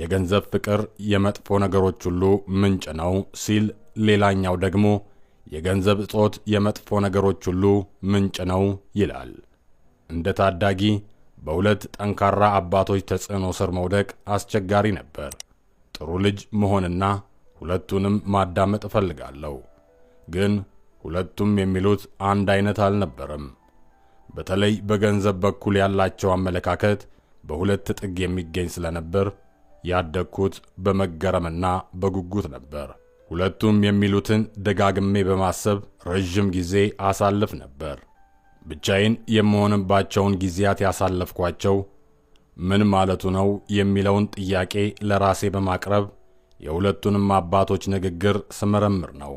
የገንዘብ ፍቅር የመጥፎ ነገሮች ሁሉ ምንጭ ነው ሲል፣ ሌላኛው ደግሞ የገንዘብ እጦት የመጥፎ ነገሮች ሁሉ ምንጭ ነው ይላል። እንደ ታዳጊ በሁለት ጠንካራ አባቶች ተጽዕኖ ስር መውደቅ አስቸጋሪ ነበር። ጥሩ ልጅ መሆንና ሁለቱንም ማዳመጥ እፈልጋለሁ። ግን ሁለቱም የሚሉት አንድ አይነት አልነበረም። በተለይ በገንዘብ በኩል ያላቸው አመለካከት በሁለት ጥግ የሚገኝ ስለነበር ያደግኩት በመገረምና በጉጉት ነበር። ሁለቱም የሚሉትን ደጋግሜ በማሰብ ረዥም ጊዜ አሳልፍ ነበር። ብቻዬን የምሆንባቸውን ጊዜያት ያሳለፍኳቸው ምን ማለቱ ነው የሚለውን ጥያቄ ለራሴ በማቅረብ የሁለቱንም አባቶች ንግግር ስመረምር ነው።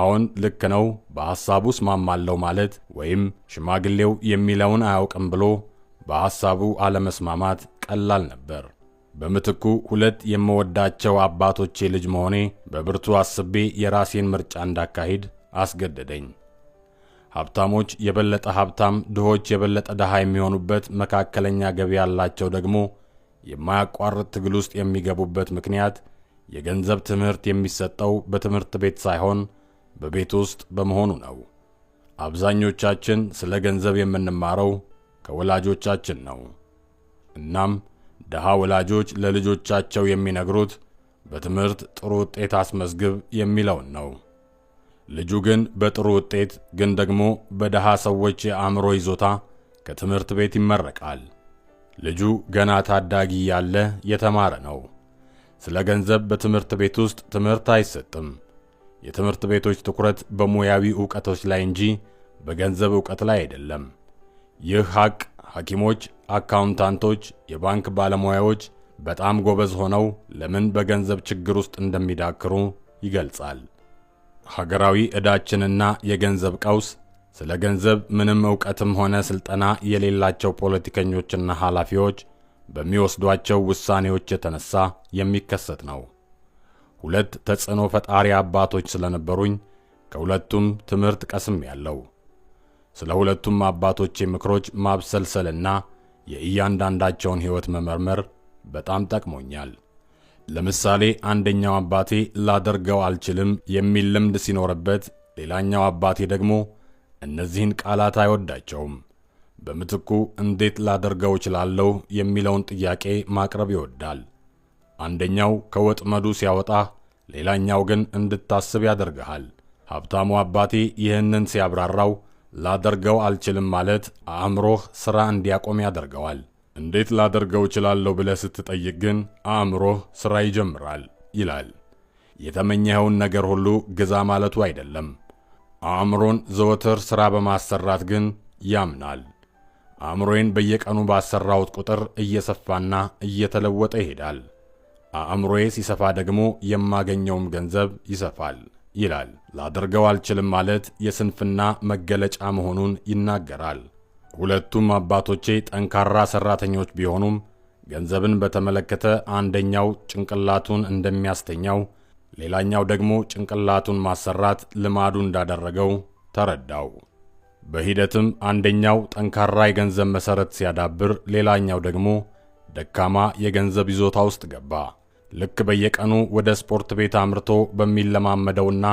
አሁን ልክ ነው፣ በሐሳቡ እስማማለሁ ማለት ወይም ሽማግሌው የሚለውን አያውቅም ብሎ በሐሳቡ አለመስማማት ቀላል ነበር። በምትኩ ሁለት የምወዳቸው አባቶቼ ልጅ መሆኔ በብርቱ አስቤ የራሴን ምርጫ እንዳካሂድ አስገደደኝ። ሀብታሞች የበለጠ ሀብታም፣ ድሆች የበለጠ ድሃ የሚሆኑበት፣ መካከለኛ ገቢ ያላቸው ደግሞ የማያቋርጥ ትግል ውስጥ የሚገቡበት ምክንያት የገንዘብ ትምህርት የሚሰጠው በትምህርት ቤት ሳይሆን በቤት ውስጥ በመሆኑ ነው። አብዛኞቻችን ስለ ገንዘብ የምንማረው ከወላጆቻችን ነው። እናም ድሃ ወላጆች ለልጆቻቸው የሚነግሩት በትምህርት ጥሩ ውጤት አስመዝግብ የሚለውን ነው። ልጁ ግን በጥሩ ውጤት ግን ደግሞ በድሃ ሰዎች የአእምሮ ይዞታ ከትምህርት ቤት ይመረቃል። ልጁ ገና ታዳጊ ያለ የተማረ ነው። ስለ ገንዘብ በትምህርት ቤት ውስጥ ትምህርት አይሰጥም። የትምህርት ቤቶች ትኩረት በሙያዊ ዕውቀቶች ላይ እንጂ በገንዘብ ዕውቀት ላይ አይደለም። ይህ ሐቅ ሐኪሞች፣ አካውንታንቶች፣ የባንክ ባለሙያዎች በጣም ጎበዝ ሆነው ለምን በገንዘብ ችግር ውስጥ እንደሚዳክሩ ይገልጻል። ሀገራዊ ዕዳችንና የገንዘብ ቀውስ ስለ ገንዘብ ምንም እውቀትም ሆነ ስልጠና የሌላቸው ፖለቲከኞችና ኃላፊዎች በሚወስዷቸው ውሳኔዎች የተነሳ የሚከሰት ነው። ሁለት ተጽዕኖ ፈጣሪ አባቶች ስለነበሩኝ ከሁለቱም ትምህርት ቀስም ያለው ስለ ሁለቱም አባቶች ምክሮች ማብሰልሰልና የእያንዳንዳቸውን ሕይወት መመርመር በጣም ጠቅሞኛል። ለምሳሌ አንደኛው አባቴ ላደርገው አልችልም የሚል ልምድ ሲኖርበት፣ ሌላኛው አባቴ ደግሞ እነዚህን ቃላት አይወዳቸውም። በምትኩ እንዴት ላደርገው እችላለሁ የሚለውን ጥያቄ ማቅረብ ይወዳል። አንደኛው ከወጥመዱ ሲያወጣ፣ ሌላኛው ግን እንድታስብ ያደርግሃል። ሀብታሙ አባቴ ይህንን ሲያብራራው ላደርገው አልችልም ማለት አእምሮህ ሥራ እንዲያቆም ያደርገዋል። እንዴት ላደርገው እችላለሁ ብለህ ስትጠይቅ ግን አእምሮህ ሥራ ይጀምራል ይላል። የተመኘኸውን ነገር ሁሉ ግዛ ማለቱ አይደለም። አእምሮን ዘወትር ሥራ በማሰራት ግን ያምናል። አእምሮዬን በየቀኑ ባሰራሁት ቁጥር እየሰፋና እየተለወጠ ይሄዳል። አእምሮዬ ሲሰፋ ደግሞ የማገኘውም ገንዘብ ይሰፋል። ይላል። ላደርገው አልችልም ማለት የስንፍና መገለጫ መሆኑን ይናገራል። ሁለቱም አባቶቼ ጠንካራ ሰራተኞች ቢሆኑም ገንዘብን በተመለከተ አንደኛው ጭንቅላቱን እንደሚያስተኛው፣ ሌላኛው ደግሞ ጭንቅላቱን ማሰራት ልማዱ እንዳደረገው ተረዳው። በሂደትም አንደኛው ጠንካራ የገንዘብ መሰረት ሲያዳብር፣ ሌላኛው ደግሞ ደካማ የገንዘብ ይዞታ ውስጥ ገባ። ልክ በየቀኑ ወደ ስፖርት ቤት አምርቶ በሚለማመደውና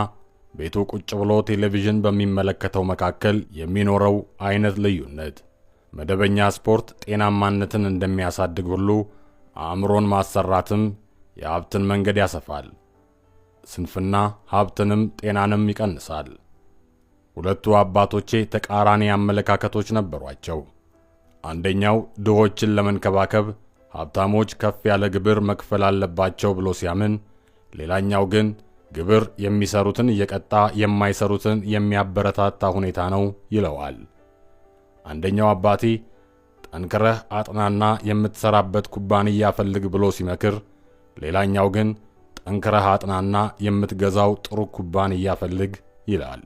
ቤቱ ቁጭ ብሎ ቴሌቪዥን በሚመለከተው መካከል የሚኖረው አይነት ልዩነት መደበኛ ስፖርት ጤናማነትን እንደሚያሳድግ ሁሉ አእምሮን ማሰራትም የሀብትን መንገድ ያሰፋል። ስንፍና ሀብትንም ጤናንም ይቀንሳል። ሁለቱ አባቶቼ ተቃራኒ አመለካከቶች ነበሯቸው። አንደኛው ድሆችን ለመንከባከብ ሀብታሞች ከፍ ያለ ግብር መክፈል አለባቸው ብሎ ሲያምን፣ ሌላኛው ግን ግብር የሚሰሩትን እየቀጣ የማይሰሩትን የሚያበረታታ ሁኔታ ነው ይለዋል። አንደኛው አባቴ ጠንክረህ አጥናና የምትሰራበት ኩባንያ ፈልግ ብሎ ሲመክር፣ ሌላኛው ግን ጠንክረህ አጥናና የምትገዛው ጥሩ ኩባንያ ፈልግ ይላል።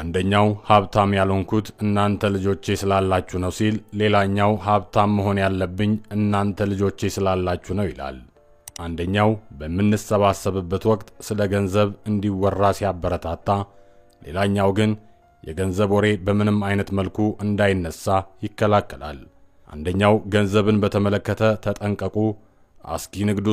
አንደኛው ሀብታም ያልሆንኩት እናንተ ልጆቼ ስላላችሁ ነው ሲል፣ ሌላኛው ሀብታም መሆን ያለብኝ እናንተ ልጆቼ ስላላችሁ ነው ይላል። አንደኛው በምንሰባሰብበት ወቅት ስለ ገንዘብ እንዲወራ ሲያበረታታ፣ ሌላኛው ግን የገንዘብ ወሬ በምንም አይነት መልኩ እንዳይነሳ ይከላከላል። አንደኛው ገንዘብን በተመለከተ ተጠንቀቁ፣ አስጊ ንግድ